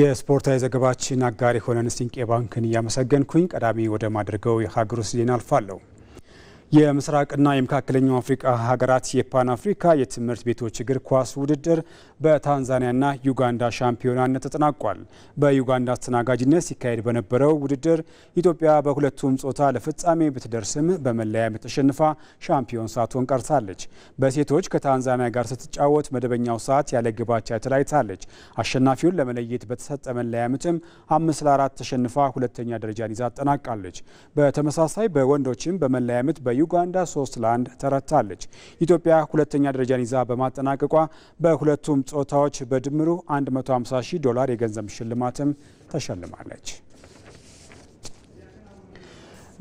የስፖርታዊ ዘገባችን አጋር የሆነን ሲንቄ ባንክን እያመሰገንኩኝ ቀዳሚ ወደ ማድረገው የሀገር ውስጥ ዜና አልፋለሁ። የምስራቅና የመካከለኛው አፍሪካ ሀገራት የፓን አፍሪካ የትምህርት ቤቶች እግር ኳስ ውድድር በታንዛኒያና ዩጋንዳ ሻምፒዮናነት ተጠናቋል። በዩጋንዳ አስተናጋጅነት ሲካሄድ በነበረው ውድድር ኢትዮጵያ በሁለቱም ጾታ ለፍጻሜ ብትደርስም በመለያ ምት ተሸንፋ ሻምፒዮን ሳትሆን ቀርታለች። በሴቶች ከታንዛኒያ ጋር ስትጫወት መደበኛው ሰዓት ያለ ግብ ተለያይታለች። አሸናፊውን ለመለየት በተሰጠ መለያ ምትም አምስት ለአራት ተሸንፋ ሁለተኛ ደረጃን ይዛ አጠናቃለች። በተመሳሳይ በወንዶችም በመለያ ምት ዩጋንዳ ሶስት 1 ተረታለች። ኢትዮጵያ ሁለተኛ ደረጃን ይዛ በማጠናቀቋ በሁለቱም ጾታዎች በድምሩ 150 ሺህ ዶላር የገንዘብ ሽልማትም ተሸልማለች።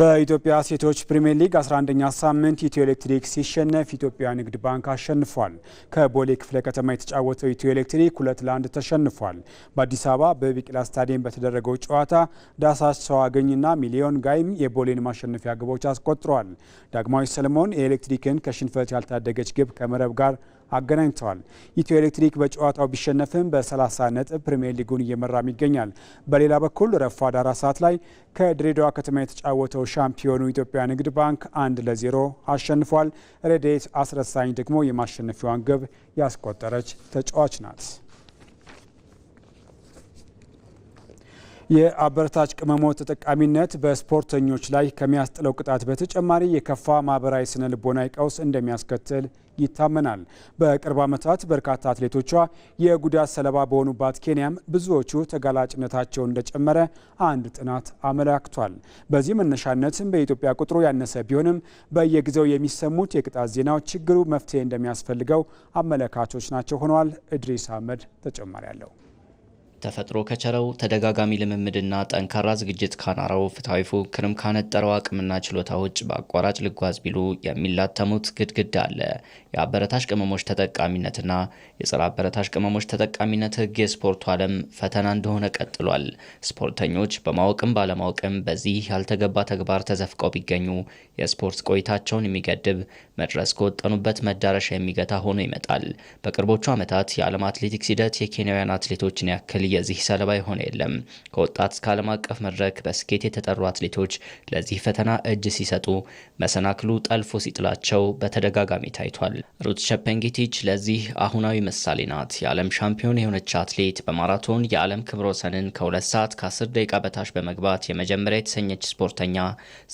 በኢትዮጵያ ሴቶች ፕሪምየር ሊግ 11ኛ ሳምንት ኢትዮ ኤሌክትሪክ ሲሸነፍ ኢትዮጵያ ንግድ ባንክ አሸንፏል። ከቦሌ ክፍለ ከተማ የተጫወተው ኢትዮ ኤሌክትሪክ ሁለት ለአንድ ተሸንፏል። በአዲስ አበባ በቢቂላ ስታዲየም በተደረገው ጨዋታ ዳሳች ሰው አገኝና ሚሊዮን ጋይም የቦሌን ማሸነፊያ ግቦች አስቆጥሯል። ዳግማዊ ሰለሞን የኤሌክትሪክን ከሽንፈት ያልታደገች ግብ ከመረብ ጋር አገናኝተዋል። ኢትዮ ኤሌክትሪክ በጨዋታው ቢሸነፍም በ30 ነጥብ ፕሪምየር ሊጉን እየመራም ይገኛል። በሌላ በኩል ረፋድ አራት ሰዓት ላይ ከድሬዳዋ ከተማ የተጫወተው ሻምፒዮኑ ኢትዮጵያ ንግድ ባንክ አንድ ለዜሮ አሸንፏል። ረዴት አስረሳኝ ደግሞ የማሸነፊዋን ግብ ያስቆጠረች ተጫዋች ናት። የአበረታች ቅመሞች ተጠቃሚነት በስፖርተኞች ላይ ከሚያስጥለው ቅጣት በተጨማሪ የከፋ ማህበራዊ ስነ ልቦናዊ ቀውስ እንደሚያስከትል ይታመናል። በቅርብ ዓመታት በርካታ አትሌቶቿ የጉዳት ሰለባ በሆኑባት ኬንያም ብዙዎቹ ተጋላጭነታቸው እንደጨመረ አንድ ጥናት አመላክቷል። በዚህ መነሻነትም በኢትዮጵያ ቁጥሩ ያነሰ ቢሆንም በየጊዜው የሚሰሙት የቅጣት ዜናዎች ችግሩ መፍትሄ እንደሚያስፈልገው አመለካቾች ናቸው ሆነዋል። እድሪስ አህመድ ተጨማሪ አለው። ተፈጥሮ ከቸረው ተደጋጋሚ ልምምድና ጠንካራ ዝግጅት ካናረው ፍትሐዊ ፉክክርም ካነጠረው አቅምና ችሎታ ውጭ በአቋራጭ ልጓዝ ቢሉ የሚላተሙት ግድግዳ አለ። የአበረታሽ ቅመሞች ተጠቃሚነትና የጸረ አበረታሽ ቅመሞች ተጠቃሚነት ሕግ የስፖርቱ ዓለም ፈተና እንደሆነ ቀጥሏል። ስፖርተኞች በማወቅም ባለማወቅም በዚህ ያልተገባ ተግባር ተዘፍቀው ቢገኙ የስፖርት ቆይታቸውን የሚገድብ መድረስ ከወጠኑበት መዳረሻ የሚገታ ሆኖ ይመጣል። በቅርቦቹ ዓመታት የዓለም አትሌቲክስ ሂደት የኬንያውያን አትሌቶችን ያክል የዚህ ሰለባ የሆነ የለም። ከወጣት እስከ ዓለም አቀፍ መድረክ በስኬት የተጠሩ አትሌቶች ለዚህ ፈተና እጅ ሲሰጡ መሰናክሉ ጠልፎ ሲጥላቸው በተደጋጋሚ ታይቷል። ሩት ሸፐንጌቲች ለዚህ አሁናዊ ምሳሌ ናት። የዓለም ሻምፒዮን የሆነች አትሌት በማራቶን የዓለም ክብረ ወሰንን ከሁለት ሰዓት ከ10 ደቂቃ በታች በመግባት የመጀመሪያ የተሰኘች ስፖርተኛ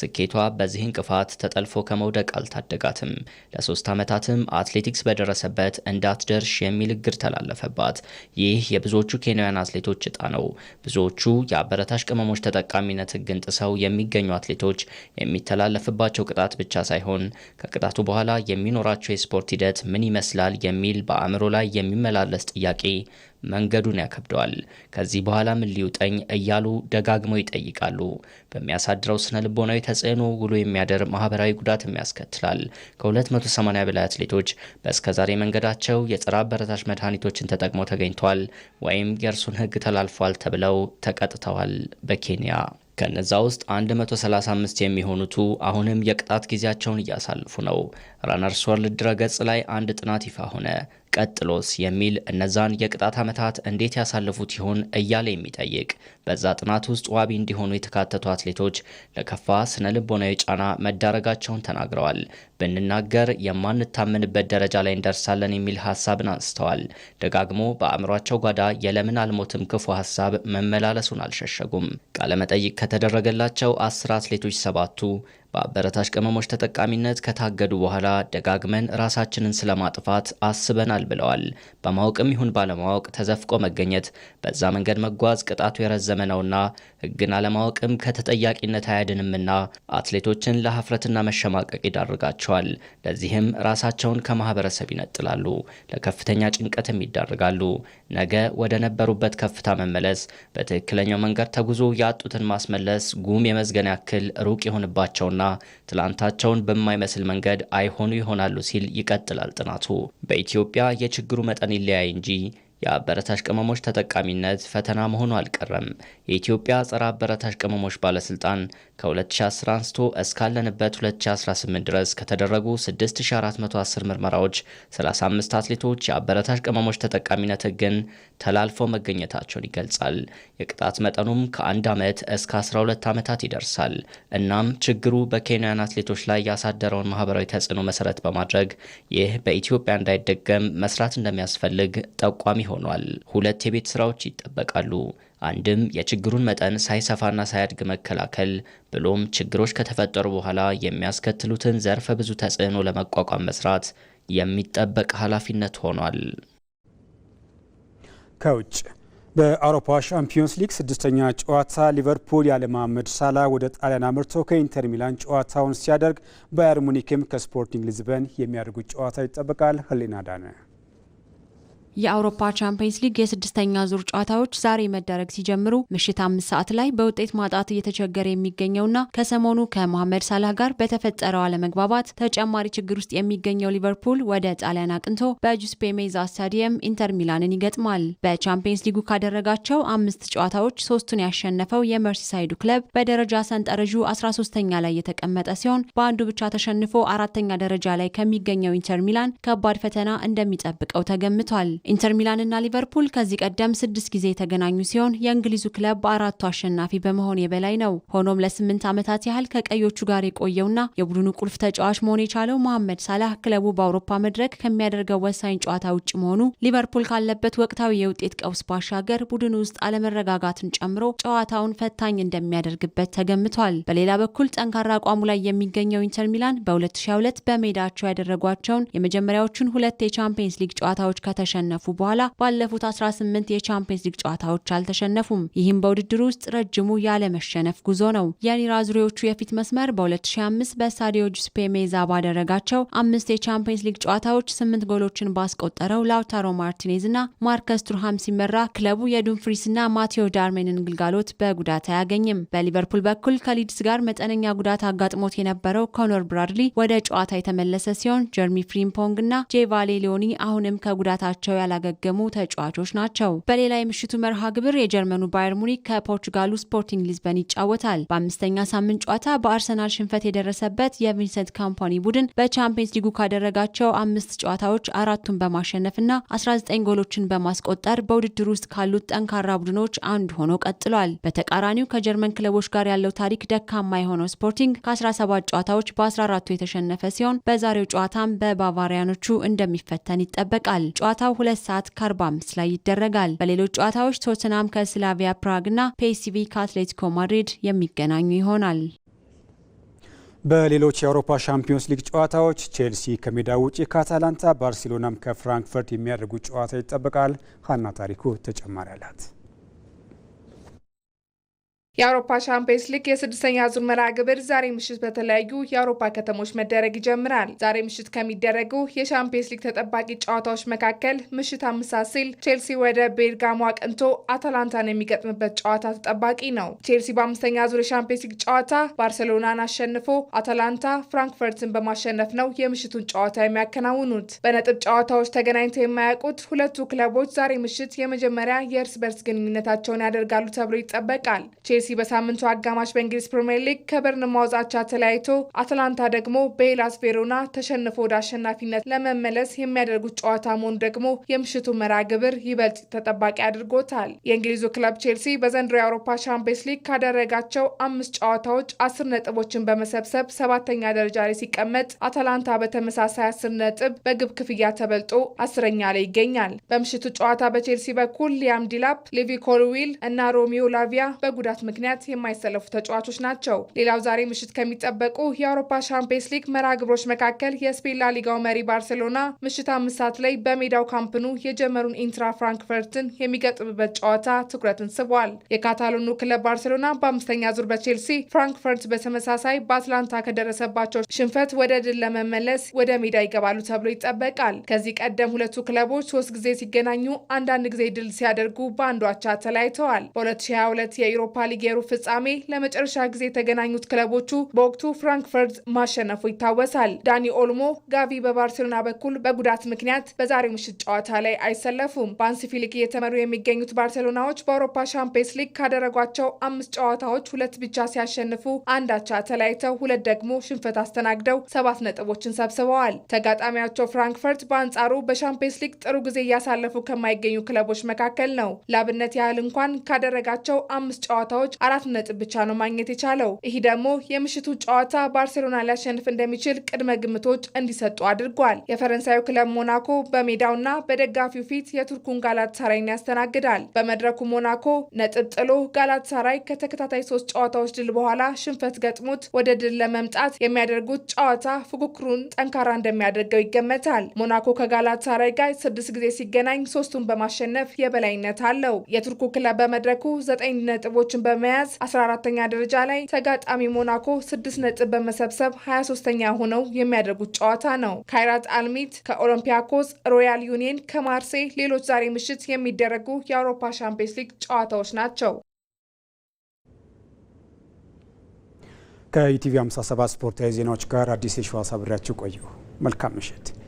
ስኬቷ በዚህ እንቅፋት ተጠልፎ ከመውደቅ አልታደጋትም። ለሶስት ዓመታትም አትሌቲክስ በደረሰበት እንዳትደርሽ የሚል እግር ተላለፈባት። ይህ የብዙዎቹ ኬንያውያን አትሌቶች እጣ ነው። ብዙዎቹ የአበረታሽ ቅመሞች ተጠቃሚነት ህግን ጥሰው የሚገኙ አትሌቶች የሚተላለፍባቸው ቅጣት ብቻ ሳይሆን ከቅጣቱ በኋላ የሚኖራቸው የስፖርት ሂደት ምን ይመስላል የሚል በአእምሮ ላይ የሚመላለስ ጥያቄ መንገዱን ያከብደዋል። ከዚህ በኋላም ሊውጠኝ እያሉ ደጋግመው ይጠይቃሉ። በሚያሳድረው ስነ ልቦናዊ ተጽዕኖ ውሎ የሚያደር ማህበራዊ ጉዳትም ያስከትላል። ከ280 በላይ አትሌቶች በእስከዛሬ መንገዳቸው የጸረ አበረታሽ መድኃኒቶችን ተጠቅመው ተገኝተዋል ወይም የእርሱን ህግ ተላልፏል ተብለው ተቀጥተዋል በኬንያ ከነዛ ውስጥ 135 የሚሆኑቱ አሁንም የቅጣት ጊዜያቸውን እያሳለፉ ነው። ራነርስ ወርልድ ድረገጽ ላይ አንድ ጥናት ይፋ ሆነ። ቀጥሎስ የሚል እነዛን የቅጣት ዓመታት እንዴት ያሳልፉት ይሆን እያለ የሚጠይቅ በዛ ጥናት ውስጥ ዋቢ እንዲሆኑ የተካተቱ አትሌቶች ለከፋ ስነ ልቦናዊ ጫና መዳረጋቸውን ተናግረዋል። ብንናገር የማንታመንበት ደረጃ ላይ እንደርሳለን የሚል ሀሳብን አንስተዋል። ደጋግሞ በአእምሯቸው ጓዳ የለምን አልሞትም ክፉ ሀሳብ መመላለሱን አልሸሸጉም። ቃለመጠይቅ ከተደረገላቸው አስር አትሌቶች ሰባቱ በአበረታች ቅመሞች ተጠቃሚነት ከታገዱ በኋላ ደጋግመን ራሳችንን ስለማጥፋት አስበናል ብለዋል። በማወቅም ይሁን ባለማወቅ ተዘፍቆ መገኘት፣ በዛ መንገድ መጓዝ ቅጣቱ የረዘመ ነውና ሕግን አለማወቅም ከተጠያቂነት አያድንምና አትሌቶችን ለሀፍረትና መሸማቀቅ ይዳርጋቸዋል። ለዚህም ራሳቸውን ከማህበረሰብ ይነጥላሉ፣ ለከፍተኛ ጭንቀትም ይዳርጋሉ። ነገ ወደ ነበሩበት ከፍታ መመለስ፣ በትክክለኛው መንገድ ተጉዞ ያጡትን ማስመለስ ጉም የመዝገን ያክል ሩቅ የሆንባቸውና ይሆናሉና ትላንታቸውን በማይመስል መንገድ አይሆኑ ይሆናሉ ሲል ይቀጥላል ጥናቱ። በኢትዮጵያ የችግሩ መጠን ይለያይ እንጂ የአበረታሽ ቅመሞች ተጠቃሚነት ፈተና መሆኑ አልቀረም። የኢትዮጵያ ጸረ አበረታሽ ቅመሞች ባለስልጣን ከ2010 አንስቶ እስካለንበት 2018 ድረስ ከተደረጉ 6410 ምርመራዎች 35 አትሌቶች የአበረታሽ ቅመሞች ተጠቃሚነት ሕግን ተላልፎ መገኘታቸውን ይገልጻል። የቅጣት መጠኑም ከአንድ ዓመት እስከ 12 ዓመታት ይደርሳል። እናም ችግሩ በኬንያን አትሌቶች ላይ ያሳደረውን ማህበራዊ ተጽዕኖ መሰረት በማድረግ ይህ በኢትዮጵያ እንዳይደገም መስራት እንደሚያስፈልግ ጠቋሚ ሆኗል። ሁለት የቤት ስራዎች ይጠበቃሉ። አንድም የችግሩን መጠን ሳይሰፋና ሳያድግ መከላከል ብሎም ችግሮች ከተፈጠሩ በኋላ የሚያስከትሉትን ዘርፈ ብዙ ተጽዕኖ ለመቋቋም መስራት የሚጠበቅ ኃላፊነት ሆኗል። ከውጭ በአውሮፓ ሻምፒዮንስ ሊግ ስድስተኛ ጨዋታ ሊቨርፑል ያለ መሐመድ ሳላ ወደ ጣሊያን አምርቶ ከኢንተር ሚላን ጨዋታውን ሲያደርግ ባየር ሙኒክም ከስፖርቲንግ ሊዝበን የሚያደርጉት ጨዋታ ይጠበቃል። ህሊና ዳነ የአውሮፓ ቻምፒየንስ ሊግ የስድስተኛ ዙር ጨዋታዎች ዛሬ መደረግ ሲጀምሩ ምሽት አምስት ሰዓት ላይ በውጤት ማጣት እየተቸገረ የሚገኘውና ከሰሞኑ ከሞሐመድ ሳላህ ጋር በተፈጠረው አለመግባባት ተጨማሪ ችግር ውስጥ የሚገኘው ሊቨርፑል ወደ ጣሊያን አቅንቶ በጁስፔ ሜዛ ስታዲየም ኢንተር ሚላንን ይገጥማል። በቻምፒየንስ ሊጉ ካደረጋቸው አምስት ጨዋታዎች ሶስቱን ያሸነፈው የመርሲሳይዱ ክለብ በደረጃ ሰንጠረዡ 13 ኛ ላይ የተቀመጠ ሲሆን በአንዱ ብቻ ተሸንፎ አራተኛ ደረጃ ላይ ከሚገኘው ኢንተር ሚላን ከባድ ፈተና እንደሚጠብቀው ተገምቷል። ኢንተር ሚላንና ሊቨርፑል ከዚህ ቀደም ስድስት ጊዜ የተገናኙ ሲሆን የእንግሊዙ ክለብ በአራቱ አሸናፊ በመሆን የበላይ ነው። ሆኖም ለስምንት ዓመታት ያህል ከቀዮቹ ጋር የቆየውና የቡድኑ ቁልፍ ተጫዋች መሆን የቻለው መሐመድ ሳላህ ክለቡ በአውሮፓ መድረክ ከሚያደርገው ወሳኝ ጨዋታ ውጭ መሆኑ ሊቨርፑል ካለበት ወቅታዊ የውጤት ቀውስ ባሻገር ቡድኑ ውስጥ አለመረጋጋትን ጨምሮ ጨዋታውን ፈታኝ እንደሚያደርግበት ተገምቷል። በሌላ በኩል ጠንካራ አቋሙ ላይ የሚገኘው ኢንተር ሚላን በ2022 በሜዳቸው ያደረጓቸውን የመጀመሪያዎቹን ሁለት የቻምፒየንስ ሊግ ጨዋታዎች ከተሸነ ከተሸነፉ በኋላ ባለፉት 18 የቻምፒየንስ ሊግ ጨዋታዎች አልተሸነፉም። ይህም በውድድሩ ውስጥ ረጅሙ ያለመሸነፍ ጉዞ ነው። ዙሪዎቹ የፊት መስመር በ2005 በስታዲዮ ጁስፔ ሜዛ ባደረጋቸው አምስት የቻምፒየንስ ሊግ ጨዋታዎች ስምንት ጎሎችን ባስቆጠረው ላውታሮ ማርቲኔዝ እና ማርከስ ቱርሃም ሲመራ ክለቡ እና ማቴዎ ዳርሜንን ግልጋሎት በጉዳት አያገኝም። በሊቨርፑል በኩል ከሊድስ ጋር መጠነኛ ጉዳት አጋጥሞት የነበረው ኮኖር ብራድሊ ወደ ጨዋታ የተመለሰ ሲሆን ጀርሚ ፍሪምፖንግ እና ጄቫሌ ሊዮኒ አሁንም ከጉዳታቸው ያላገገሙ ተጫዋቾች ናቸው። በሌላ የምሽቱ መርሃ ግብር የጀርመኑ ባየር ሙኒክ ከፖርቹጋሉ ስፖርቲንግ ሊዝበን ይጫወታል። በአምስተኛ ሳምንት ጨዋታ በአርሰናል ሽንፈት የደረሰበት የቪንሰንት ካምፓኒ ቡድን በቻምፒየንስ ሊጉ ካደረጋቸው አምስት ጨዋታዎች አራቱን በማሸነፍና 19 ጎሎችን በማስቆጠር በውድድር ውስጥ ካሉት ጠንካራ ቡድኖች አንዱ ሆኖ ቀጥሏል። በተቃራኒው ከጀርመን ክለቦች ጋር ያለው ታሪክ ደካማ የሆነው ስፖርቲንግ ከ17 ጨዋታዎች በ14ቱ የተሸነፈ ሲሆን በዛሬው ጨዋታም በባቫሪያኖቹ እንደሚፈተን ይጠበቃል። ጨዋታው ሁለት ሰዓት ከ45 ላይ ይደረጋል። በሌሎች ጨዋታዎች ቶትናም ከስላቪያ ፕራግ እና ፔሲቪ ከአትሌቲኮ ማድሪድ የሚገናኙ ይሆናል። በሌሎች የአውሮፓ ሻምፒዮንስ ሊግ ጨዋታዎች ቼልሲ ከሜዳ ውጪ ከአታላንታ፣ ባርሴሎናም ከፍራንክፈርት የሚያደርጉት ጨዋታ ይጠበቃል። ሀና ታሪኩ ተጨማሪ አላት። የአውሮፓ ሻምፒየንስ ሊግ የስድስተኛ ዙር መርሃ ግብር ዛሬ ምሽት በተለያዩ የአውሮፓ ከተሞች መደረግ ይጀምራል። ዛሬ ምሽት ከሚደረጉ የሻምፒየንስ ሊግ ተጠባቂ ጨዋታዎች መካከል ምሽት አምስት ሲል ቼልሲ ወደ ቤርጋሞ አቅንቶ አታላንታን የሚገጥምበት ጨዋታ ተጠባቂ ነው። ቼልሲ በአምስተኛ ዙር የሻምፒየንስ ሊግ ጨዋታ ባርሴሎናን አሸንፎ አታላንታ ፍራንክፈርትን በማሸነፍ ነው የምሽቱን ጨዋታ የሚያከናውኑት። በነጥብ ጨዋታዎች ተገናኝተው የማያውቁት ሁለቱ ክለቦች ዛሬ ምሽት የመጀመሪያ የእርስ በርስ ግንኙነታቸውን ያደርጋሉ ተብሎ ይጠበቃል። ቼልሲ በሳምንቱ አጋማሽ በእንግሊዝ ፕሪምየር ሊግ ከበርንማውዝ አቻ ተለያይቶ አትላንታ ደግሞ በሄላስ ቬሮና ተሸንፎ ወደ አሸናፊነት ለመመለስ የሚያደርጉት ጨዋታ መሆኑ ደግሞ የምሽቱ መራ ግብር ይበልጥ ተጠባቂ አድርጎታል። የእንግሊዙ ክለብ ቼልሲ በዘንድሮ የአውሮፓ ሻምፒየንስ ሊግ ካደረጋቸው አምስት ጨዋታዎች አስር ነጥቦችን በመሰብሰብ ሰባተኛ ደረጃ ላይ ሲቀመጥ፣ አትላንታ በተመሳሳይ አስር ነጥብ በግብ ክፍያ ተበልጦ አስረኛ ላይ ይገኛል። በምሽቱ ጨዋታ በቼልሲ በኩል ሊያም ዲላፕ፣ ሊቪ ኮልዊል እና ሮሚዮ ላቪያ በጉዳት ምክንያት ምክንያት የማይሰለፉ ተጫዋቾች ናቸው። ሌላው ዛሬ ምሽት ከሚጠበቁ የአውሮፓ ሻምፒየንስ ሊግ መርሃ ግብሮች መካከል የስፔን ላሊጋው መሪ ባርሴሎና ምሽት አምስት ሰዓት ላይ በሜዳው ካምፕኑ የጀመሩን ኢንትራ ፍራንክፈርትን የሚገጥምበት ጨዋታ ትኩረትን ስቧል። የካታሎኑ ክለብ ባርሴሎና በአምስተኛ ዙር በቼልሲ ፍራንክፈርት በተመሳሳይ በአትላንታ ከደረሰባቸው ሽንፈት ወደ ድል ለመመለስ ወደ ሜዳ ይገባሉ ተብሎ ይጠበቃል። ከዚህ ቀደም ሁለቱ ክለቦች ሶስት ጊዜ ሲገናኙ አንዳንድ ጊዜ ድል ሲያደርጉ በአንዷቻ ተለያይተዋል። በ2022 የአውሮፓ ሊግ በየሩብ ፍጻሜ ለመጨረሻ ጊዜ የተገናኙት ክለቦቹ በወቅቱ ፍራንክፈርት ማሸነፉ ይታወሳል። ዳኒ ኦልሞ ጋቪ በባርሴሎና በኩል በጉዳት ምክንያት በዛሬው ምሽት ጨዋታ ላይ አይሰለፉም። በሃንሲ እየተመሩ የሚገኙት ባርሴሎናዎች በአውሮፓ ሻምፒየንስ ሊግ ካደረጓቸው አምስት ጨዋታዎች ሁለት ብቻ ሲያሸንፉ አንዳቻ ተለያይተው ሁለት ደግሞ ሽንፈት አስተናግደው ሰባት ነጥቦችን ሰብስበዋል። ተጋጣሚያቸው ፍራንክፈርት በአንጻሩ በሻምፒየንስ ሊግ ጥሩ ጊዜ እያሳለፉ ከማይገኙ ክለቦች መካከል ነው። ላብነት ያህል እንኳን ካደረጋቸው አምስት ጨዋታዎች ጨዋታዎች አራት ነጥብ ብቻ ነው ማግኘት የቻለው። ይህ ደግሞ የምሽቱ ጨዋታ ባርሴሎና ሊያሸንፍ እንደሚችል ቅድመ ግምቶች እንዲሰጡ አድርጓል። የፈረንሳዩ ክለብ ሞናኮ በሜዳውና በደጋፊው ፊት የቱርኩን ጋላትሳራይን ያስተናግዳል። በመድረኩ ሞናኮ ነጥብ ጥሎ ጋላትሳራይ ከተከታታይ ሶስት ጨዋታዎች ድል በኋላ ሽንፈት ገጥሞት ወደ ድል ለመምጣት የሚያደርጉት ጨዋታ ፉክክሩን ጠንካራ እንደሚያደርገው ይገመታል። ሞናኮ ከጋላትሳራይ ጋር ስድስት ጊዜ ሲገናኝ ሶስቱን በማሸነፍ የበላይነት አለው። የቱርኩ ክለብ በመድረኩ ዘጠኝ ነጥቦችን በ በመያዝ 14ተኛ ደረጃ ላይ ተጋጣሚ ሞናኮ 6 ነጥብ በመሰብሰብ 23ተኛ ሆነው የሚያደርጉት ጨዋታ ነው። ካይራት አልሚት ከኦሎምፒያኮስ፣ ሮያል ዩኒየን ከማርሴ ሌሎች ዛሬ ምሽት የሚደረጉ የአውሮፓ ሻምፒዮንስ ሊግ ጨዋታዎች ናቸው። ከኢቲቪ 57 ስፖርታዊ ዜናዎች ጋር አዲስ የሸዋስ አብሬያችሁ ቆየሁ። መልካም ምሽት።